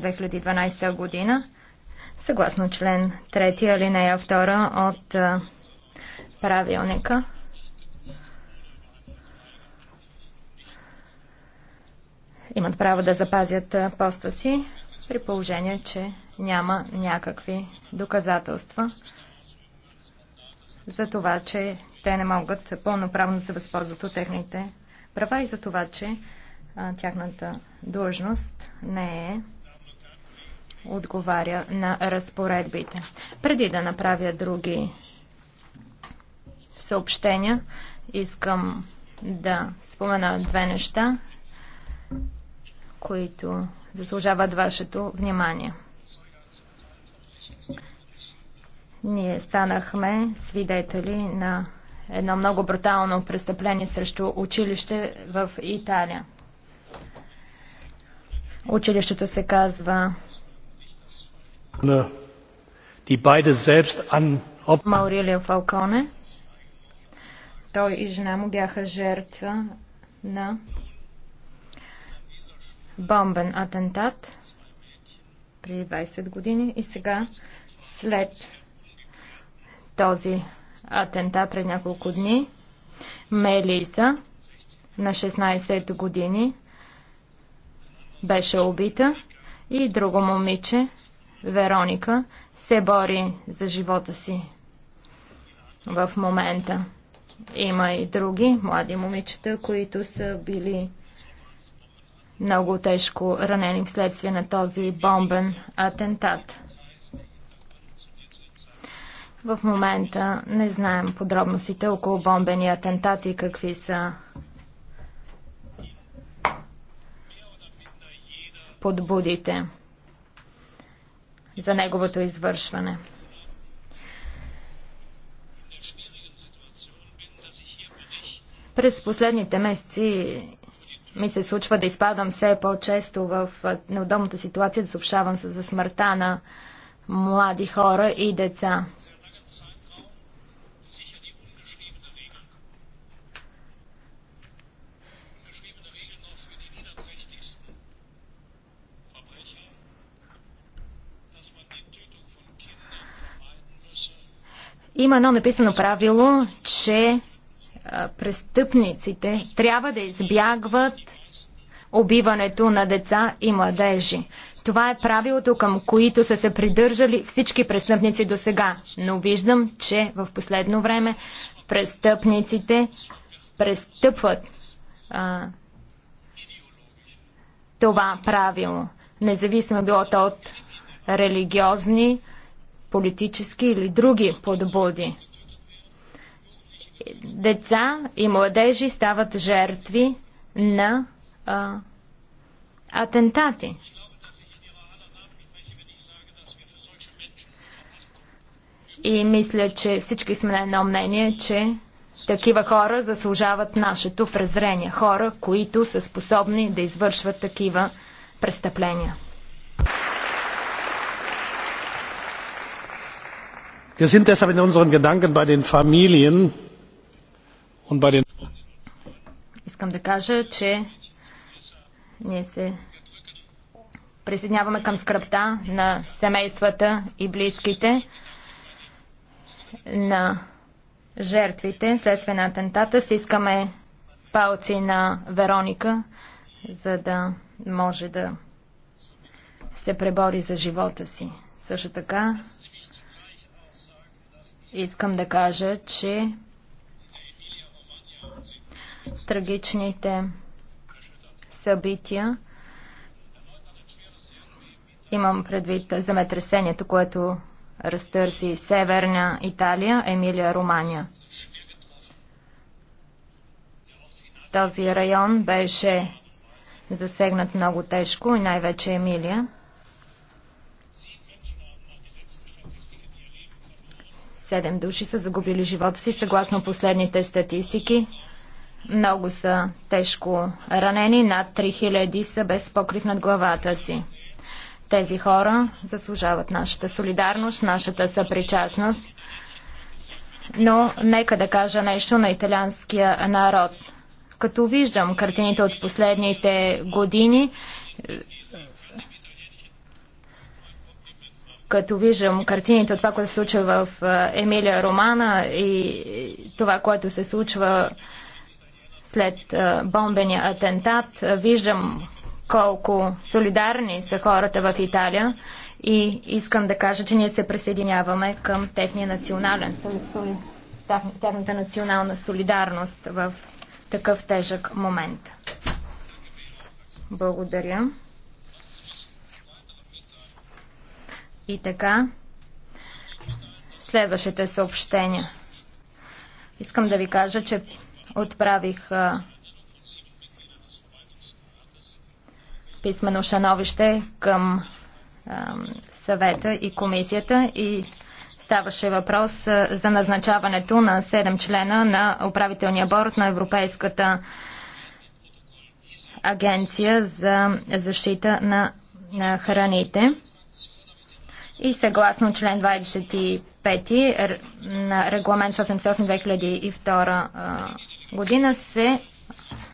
2012 година, съгласно член 3 алинея 2 от правилника. Имат право да запазят поста си при положение, че няма някакви доказателства за това, че те не могат пълноправно да се възползват от техните права и за това, че а, тяхната длъжност не е отговаря на разпоредбите. Преди да направя други съобщения, искам да спомена две неща, които заслужават вашето внимание. Ние станахме свидетели на едно много брутално престъпление срещу училище в Италия. Училището се казва die beide selbst an Маурилио Фалконе. Той и жена му бяха жертва на бомбен атентат преди 20 години и сега след този атентат пред няколко дни Мелиса на 16 години беше убита и друго момиче Вероника се бори за живота си в момента. Има и други млади момичета, които са били много тежко ранени вследствие на този бомбен атентат. В момента не знаем подробностите около бомбени атентати, какви са подбудите за неговото извършване. През последните месеци ми се случва да изпадам все по-често в неудобната ситуация да съобщавам за смъртта на млади хора и деца. Има едно написано правило, че престъпниците трябва да избягват убиването на деца и младежи. Това е правилото, към които са се придържали всички престъпници до сега. Но виждам, че в последно време престъпниците престъпват а, това правило. Независимо било то от религиозни политически или други подбуди. Деца и младежи стават жертви на а, атентати. И мисля, че всички сме на едно мнение, че такива хора заслужават нашето презрение. Хора, които са способни да извършват такива престъпления. wir sind deshalb in unseren gedanken bei den familien und bei den Искам да кажа, че ние се присъединяваме към скръпта на семействата и близките на жертвите след на атентата. Стискаме палци на Вероника, за да може да се пребори за живота си. Също така Искам да кажа, че трагичните събития имам предвид земетресението, което разтърси Северна Италия, Емилия, Румания. Този район беше засегнат много тежко и най-вече Емилия. 7 души са загубили живота си, съгласно последните статистики. Много са тежко ранени, над 3000 са без покрив над главата си. Тези хора заслужават нашата солидарност, нашата съпричастност. Но нека да кажа нещо на италианския народ. Като виждам картините от последните години, като виждам картините от това, което се случва в Емилия Романа и това, което се случва след бомбения атентат, виждам колко солидарни са хората в Италия и искам да кажа, че ние се присъединяваме към техния национален, тяхната национална солидарност в такъв тежък момент. Благодаря. И така, следващите съобщения. Искам да ви кажа, че отправих писмено шановище към съвета и комисията и ставаше въпрос за назначаването на 7 члена на управителния борт на Европейската агенция за защита на, на храните и съгласно член 25 на регламент 808-2002 година се